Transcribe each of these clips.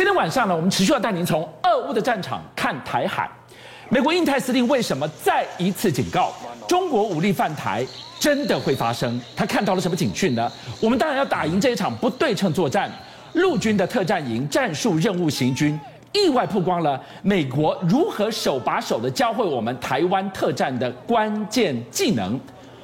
今天晚上呢，我們持續要帶您從俄烏的戰場看台海。美國印太司令為什麼再一次警告中國武力犯台真的會發生？他看到了什麼警訊呢？我們當然要打贏這一場不對稱作戰。陸軍的特戰營戰術任務行軍意外曝光了美國如何手把手的教會我們台灣特戰的關鍵技能。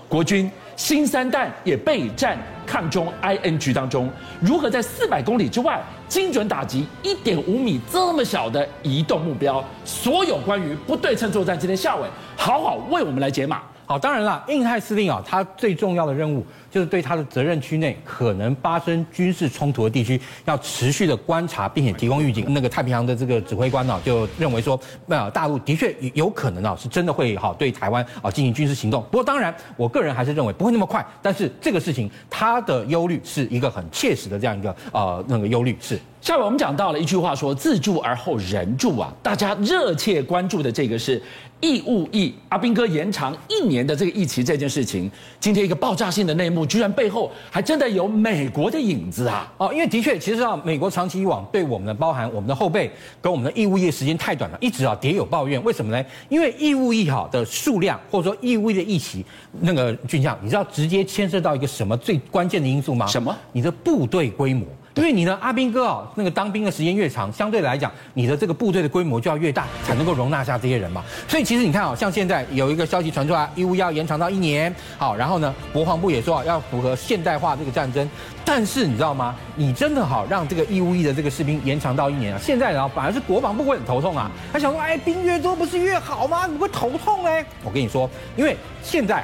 國軍新三彈也備戰。當中 ING 當中，如何在四百公里之外精準打擊一點五米這麼小的移動目標？所有關於不對稱作戰，今天孝瑋好好為我們來解碼。好，當然了，印太司令啊，他最重要的任務。就是對他的責任區內可能發生軍事衝突的地區，要持續的觀察，並且提供預警。那個太平洋的這個指揮官呢，就認為說，那大陸的確有可能啊，是真的會好對台灣啊進行軍事行動。不過，當然，我個人還是認為不會那麼快。但是這個事情，他的憂慮是一個很切實的這樣一個呃那個憂慮。是，下面我們講到了一句話說，說自助而後人助啊。大家熱切關注的這個是，義務役，阿兵哥延長一年的這個役期這件事情，今天一個爆炸性的內幕，居然背後還真的有美國的影子啊！哦，因為的確，其實啊，美國長期以往對我們的，包含我們的後備跟我們的義務役時間太短了，一直啊，也有抱怨。為什麼呢？因為義務役好的數量，或者說義務役的役期，那個軍餉，你知道直接牽涉到一個什麼最關鍵的因素嗎？什麼？你的部隊規模。所以你呢，阿兵哥啊、哦，那個當兵的時間越長，相對來講，你的這個部隊的規模就要越大，才能夠容納下這些人嘛。所以其實你看啊、哦，像現在有一個消息傳出來，義務役要延長到一年。好，然後呢，國防部也說啊，要符合現代化這個戰爭。但是你知道嗎？你真的好讓這個義務役的這個士兵延長到一年啊？現在呢，反而是國防部會很頭痛啊。他想說，哎，兵越多不是越好嗎？你會頭痛誒。我跟你說，因為現在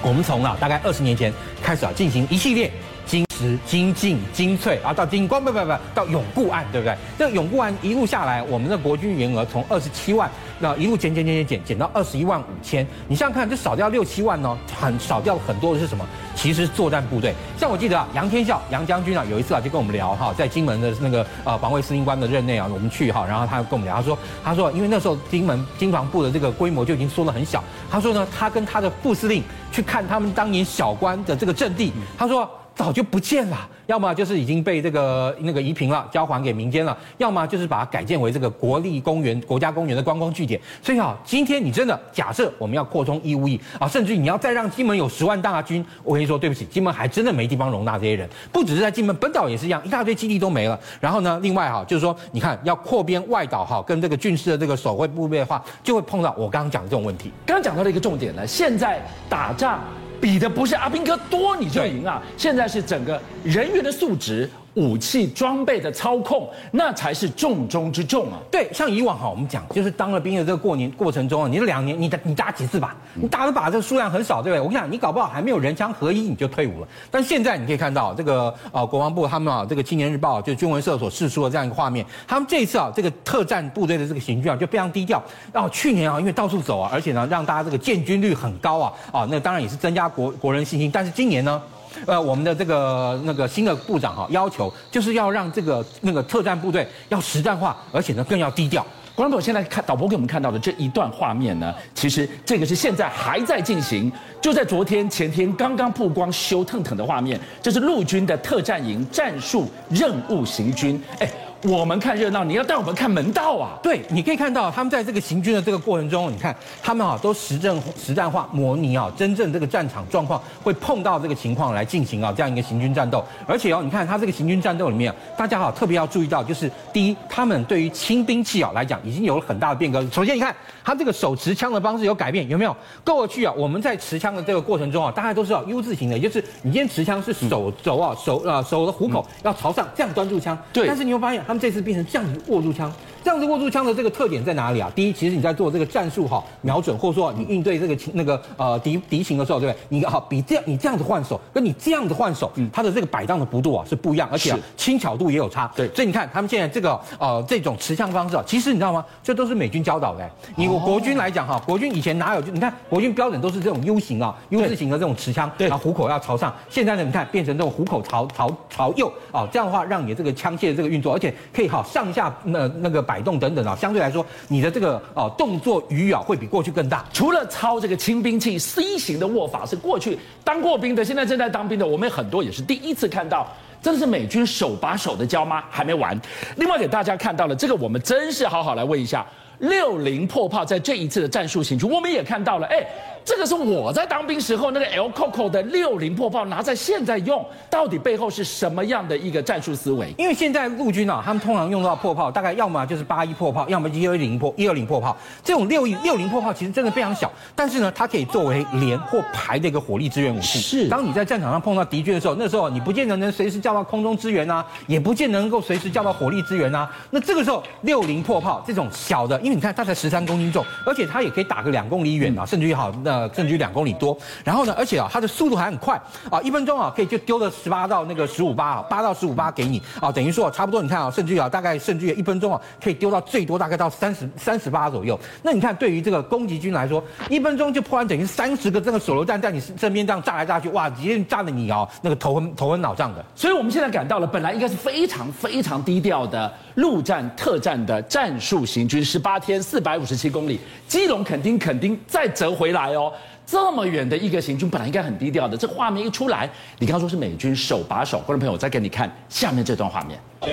我們從啊大概二十年前開始啊，進行一系列。精實、精進、精粹，啊，到精光不不不，不，到永固案，對不對？這個永固案一路下來，我們的國軍員額從二十七萬，那一路減減減減減減到二十一萬五千，你這樣看，就少掉六七萬呢、哦，很少掉很多的是什麼？其實作戰部隊。像我記得啊，楊天笑楊將軍啊，有一次啊就跟我們聊哈，在金門的那個呃防衛司令官的任內啊，我們去哈、啊，然後他跟我們聊，他說他說，因為那時候金門金防部的這個規模就已經縮得很小，他說呢，他跟他的副司令去看他們當年小官的這個陣地，他說。早就不見了，要麼就是已經被這個那個夷平了，交還給民間了，要麼就是把它改建為這個國立公園、國家公園的觀光據點。所以哈、啊，今天你真的假設我們要擴充義務役啊，甚至於你要再讓金門有十萬大軍，我跟你說對不起，金門還真的沒地方容納這些人。不只是在金門，本島也是一樣，一大堆基地都沒了。然後呢，另外哈、啊，就是說你看要擴編外島哈，跟這個軍事的這個守衛部隊的話，就會碰到我剛剛講的這種問題。剛剛講到了一個重點呢，現在打仗。比的不是阿兵哥多你就贏啊！對 現在是整個人員的素質。武器裝備的操控，那才是重中之重啊！對，像以往哈，我們講就是當了兵的這個過年過程中啊，你這兩年你打你打幾次靶，你打的靶這個數量很少，對不對？我想你,你搞不好還沒有人槍合一你就退伍了。但現在你可以看到這個呃、哦、國防部他們啊這個青年日報就軍聞社所釋出的這樣一個畫面，他們這一次啊這個特戰部隊的這個行軍啊就非常低調。然、哦、後去年啊因為到處走啊，而且呢讓大家這個建軍率很高啊啊、哦，那當然也是增加國國人信心，但是今年呢？呃，我們的這個那個新的部長哈，要求就是要讓這個那個特戰部隊要實戰化，而且呢更要低調。觀眾朋友現在看導播給我們看到的這一段畫面呢，其實這個是現在還在進行，就在昨天、前天剛剛曝光修騰騰的畫面，這是陸軍的特戰營戰術任務行軍，哎。我們看熱鬧，你要帶我們看門道啊！對，你可以看到他們在這個行軍的這個過程中，你看他們啊，都實證、實戰化模擬啊，真正這個戰場狀況會碰到這個情況來進行啊，這樣一個行軍戰鬥。而且哦，你看他這個行軍戰鬥裡面，大家啊特別要注意到，就是第一，他們對於輕兵器啊來講，已經有了很大的變革。首先，你看他這個手持槍的方式有改變，有沒有？過去啊，我們在持槍的這個過程中啊，大家都知道、啊、U 字型的，就是你今天持槍是手肘啊、嗯、手啊、呃、手的虎口要朝上，這樣端住槍。對。但是你會發現他。這次變成這樣子握住槍。這樣子握住槍的這個特點在哪裡啊？第一，其實你在做這個戰術哈、啊，瞄準或者說、啊、你應對這個情那個呃敵敵情的時候，對不對？你好、啊、比這樣，你這樣子換手跟你這樣子換手，嗯，它的這個擺盪的幅度啊是不一樣，而且輕、啊、是巧度也有差。對，所以你看他們現在這個呃這種持槍方式，啊，其實你知道嗎？這都是美軍教導的。你我國軍來講哈、啊，國軍以前哪有？你看國軍標準都是這種 U 型啊對，U 字形的這種持槍，對，然後虎口要朝上。對現在呢，你看變成這種虎口朝朝朝右啊、哦，這樣的話讓你這個槍械的這個運作，而且可以哈、啊、上下那那個擺。擺動等等啊，相對來說，你的這個呃動作餘量、啊、會比過去更大。除了操這個輕兵器，C 型的握法是過去當過兵的，現在正在當兵的，我們很多也是第一次看到，真的是美軍手把手的教嗎？還沒完。另外給大家看到了這個，我們真是好好來問一下。六零迫砲在這一次的戰術行軍，我們也看到了，哎。這個是我在當兵時候那個 L C O C O 的六零迫炮拿在現在用，到底背後是什麼樣的一個戰術思維？因為現在陸軍啊，他們通常用到迫炮，大概要麼就是八一迫炮，要麼就一一零迫、一二零迫炮。這種六一六零迫炮其實真的非常小，但是呢，它可以作為連或排的一個火力支援武器。是的，當你在戰場上碰到敵軍的時候，那時候你不見得能隨時叫到空中支援啊，也不見得能夠隨時叫到火力支援啊。那這個時候，六零迫炮這種小的，因為你看它才十三公斤重，而且它也可以打個兩公里遠啊，嗯、甚至於好那。呃，甚至於兩公里多，然後呢，而且啊，它的速度還很快啊，一分鐘啊可以就丟了十八到那個十五八啊，八到十五八給你啊，等於說、啊、差不多，你看啊，甚至於啊，大概甚至於一分鐘啊可以丟到最多大概到三十三十八左右。那你看，對於這個攻擊軍來說，一分鐘就破完，等於三十個這個手榴彈在你身邊這樣炸來炸去，哇，直接炸的你哦、啊、那個頭昏頭昏腦脹的。所以我們現在趕到了，本來應該是非常非常低調的陸戰特戰的戰術行軍，十八天四百五十七公里，基隆墾丁墾丁再折回來哦。這麼遠的一個行軍，本來應該很低調的，這畫面一出來，你剛剛說是美軍手把手，觀眾朋友，我再給你看下面這段畫面。有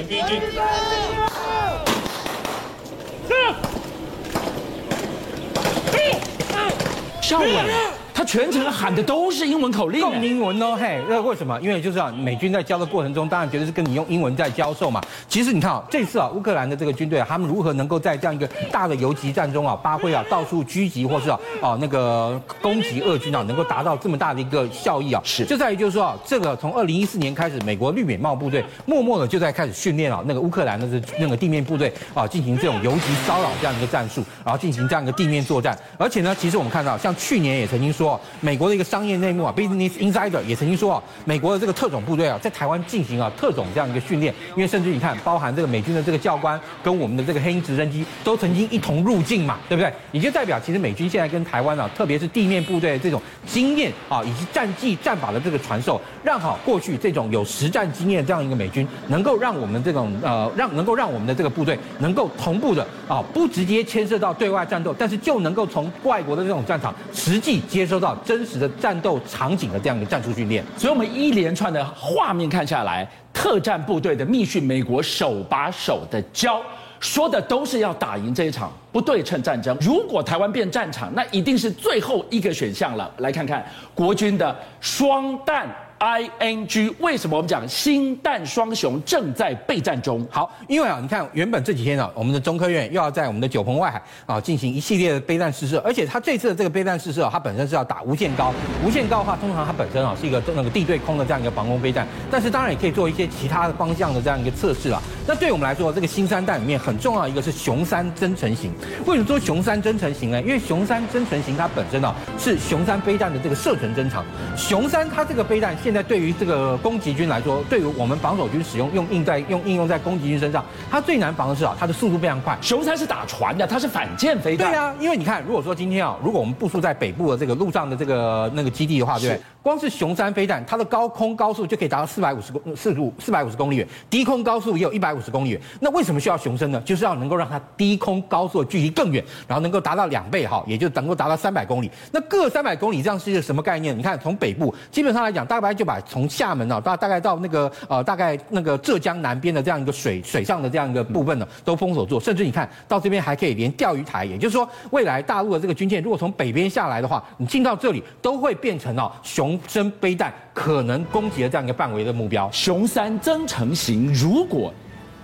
他全程的喊的都是英文口令，用英文哦，嘿，那為什麼？因為就是啊，美軍在教的過程中，當然覺得是跟你用英文在教授嘛。其實你看啊，這次啊，烏克蘭的這個軍隊，啊，他們如何能夠在這樣一個大的游擊戰中啊，發揮啊，到處狙擊或是啊啊那個攻擊俄軍啊，能夠達到這麼大的一個效益啊？是，就在於就是說啊，這個從二零一四年開始，美國綠美茂部隊默默的就在開始訓練啊，那個烏克蘭的這那個地面部隊啊，進行這種游擊騷擾這樣一個戰術，然後進行這樣一個地面作戰。而且呢，其實我們看到，像去年也曾經說。美國的一個商業內幕啊，Business Insider 也曾經說啊，美國的這個特種部隊啊，在台灣進行啊特種這樣一個訓練，因為甚至你看，包含這個美軍的這個教官跟我們的這個黑鷹直升機都曾經一同入境嘛，對不對？也就代表其實美軍現在跟台灣啊，特別是地面部隊的這種經驗啊，以及戰技戰法的這個傳授，讓好過去這種有實戰經驗的這樣一個美軍，能夠讓我們這種呃，讓能夠讓我們的這個部隊能夠同步的啊，不直接牽涉到對外戰鬥，但是就能夠從外國的這種戰場實際接收。到真實的戰鬥場景的這樣一個戰術訓練，所以我們一連串的畫面看下來，特戰部隊的密訓，美國手把手的教，說的都是要打贏這一場不對稱戰爭。如果台灣變戰場，那一定是最後一個選項了。來看看國軍的雙彈。i n g 為什麼我們講新彈雙雄正在備戰中？好，因為啊，你看原本這幾天啊，我們的中科院又要在我們的九鵬外海啊進行一系列的飛彈試射，而且它這次的這個飛彈試射啊，它本身是要打無限高，無限高的話，通常它本身啊是一個那個地對空的這樣一個防空飛彈，但是當然也可以做一些其他的方向的這樣一個測試了。那對我們來說，這個新三彈裡面很重要的一個，是雄三增程型。為什麼說雄三增程型呢？因為雄三增程型它本身啊是雄三飛彈的這個射程增長，雄三它這個飛彈現現在對於這個攻擊軍來說，對於我們防守軍使用用用在用應用在攻擊軍身上，它最難防的是啊，它的速度非常快。雄三是打船的，它是反艦飛彈。對啊，因為你看，如果說今天啊，如果我們部署在北部的這個陸上的這個那個基地的話，對。光是雄三飛彈，它的高空高速就可以達到四百五十公四五四百五十公里遠，低空高速也有一百五十公里遠。那為什麼需要雄三呢？就是要能夠讓它低空高速的距離更遠，然後能夠達到兩倍哈，也就能夠達到三百公里。那個三百公里這樣是一個什麼概念？你看從北部基本上來講，大概就把從廈門啊，大大概到那個呃大概那個浙江南邊的這樣一個水水上的這樣一個部分呢，都封鎖住。甚至你看到這邊還可以連釣魚台，也就是說未來大陸的這個軍艦如果從北邊下來的話，你進到這裡都會變成哦雄。雄昇飛彈可能攻擊的這樣一個範圍的目標，雄三增程型。如果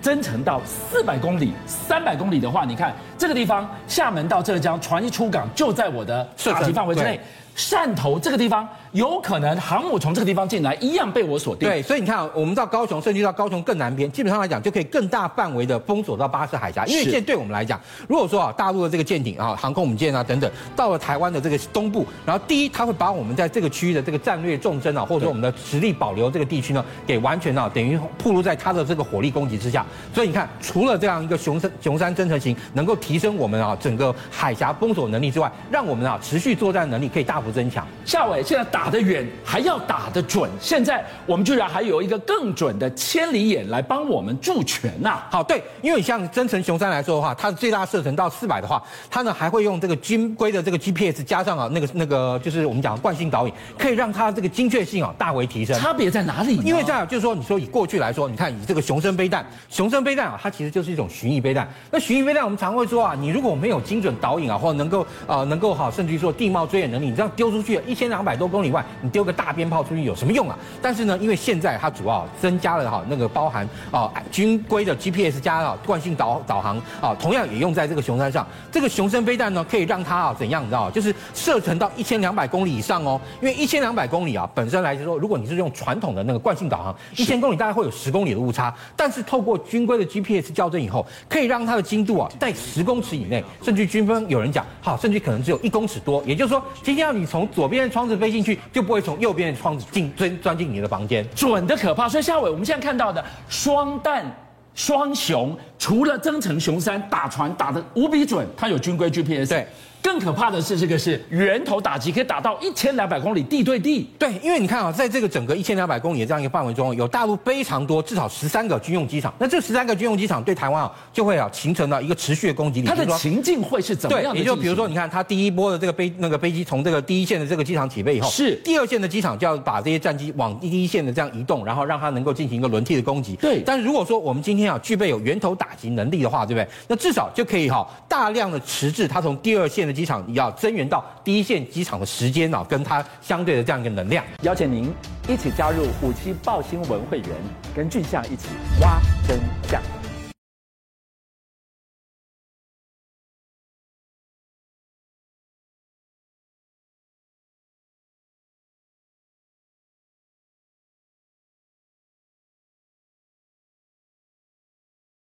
增程到四百公里、三百公里的話，你看這個地方，廈門到浙江，船一出港就在我的打擊範圍之內。汕頭這個地方，有可能航母從這個地方進來，一樣被我鎖定。對，所以你看，我們到高雄，甚至到高雄更南邊，基本上來講，就可以更大範圍的封鎖到巴士海峽。因為這對我們來講，如果說啊，大陸的這個艦艇啊、航空母艦啊等等，到了台灣的這個東部，然後第一，它會把我們在這個區域的這個戰略縱深啊，或者說我們的實力保留這個地區呢，給完全啊，等於暴露在它的這個火力攻擊之下。所以你看，除了這樣一個雄三雄三，增程型能夠提升我們啊整個海峽封鎖能力之外，讓我們啊持續作戰能力可以大幅增強。孝瑋現在打，打得遠還要打得準，現在我們居然還有一個更準的千里眼來幫我們助拳吶！好，對，因為像增程雄三來說的話，它的最大射程到四百的話，它呢還會用這個軍規的這個 GPS 加上啊那個那個就是我們講的慣性導引，可以讓它這個精確性啊大為提升。差別在哪裡呢？因為這樣就是說，你說以過去來說，你看以這個雄昇飛彈，雄昇飛彈啊，它其實就是一種巡弋飛彈。那巡弋飛彈，我們常會說啊，你如果沒有精準導引啊，或者能夠啊、呃、能夠好、啊，甚至於說地貌追沿能力，你這樣丟出去一千兩百多公里。以外，你丟個大鞭炮出去有什麼用啊？但是呢，因為現在它主要增加了哈那個包含啊、哦、軍規的 GPS 加啊慣性導導航啊、哦，同樣也用在這個雄昇上。這個雄昇飛彈呢，可以讓它啊怎樣，你知道，就是射程到一千兩百公里以上哦。因為一千兩百公里啊，本身來說，如果你是用傳統的那個慣性導航，一千公里大概會有十公里的誤差。但是透過軍規的 GPS 校正以後，可以讓它的精度啊在十公尺以內，甚至軍方有人講，好，甚至可能只有一公尺多。也就是說，今天要你從左邊的窗子飛進去。就不會從右邊的窗子進鑽鑽進你的房間，準的可怕。所以孝瑋，我們現在看到的雙彈雙雄，除了增程雄三打船打得無比準，他有軍規 GPS。對。更可怕的是，這個是源頭打擊，可以打到一千兩百公里地對地。對，因為你看啊，在這個整個一千兩百公里的這樣一個範圍中，有大陸非常多，至少十三個軍用機場。那這十三個軍用機場對台灣啊，就會啊形成了一個持續的攻擊力。它的情境會是怎麼樣？對，也就比如說，你看它第一波的這個飛那個飛機從這個第一線的這個機場起飛以後，是第二線的機場就要把這些戰機往第一線的這樣移動，然後讓它能夠進行一個輪替的攻擊。對，但是如果說我們今天啊具備有源頭打擊能力的話，對不對？那至少就可以哈、啊、大量的遲滯它從第二線。機場，你要增援到第一線機場的時間啊跟它相對的這樣一個能量。邀請您一起加入57爆新聞會員，跟俊相一起挖真相。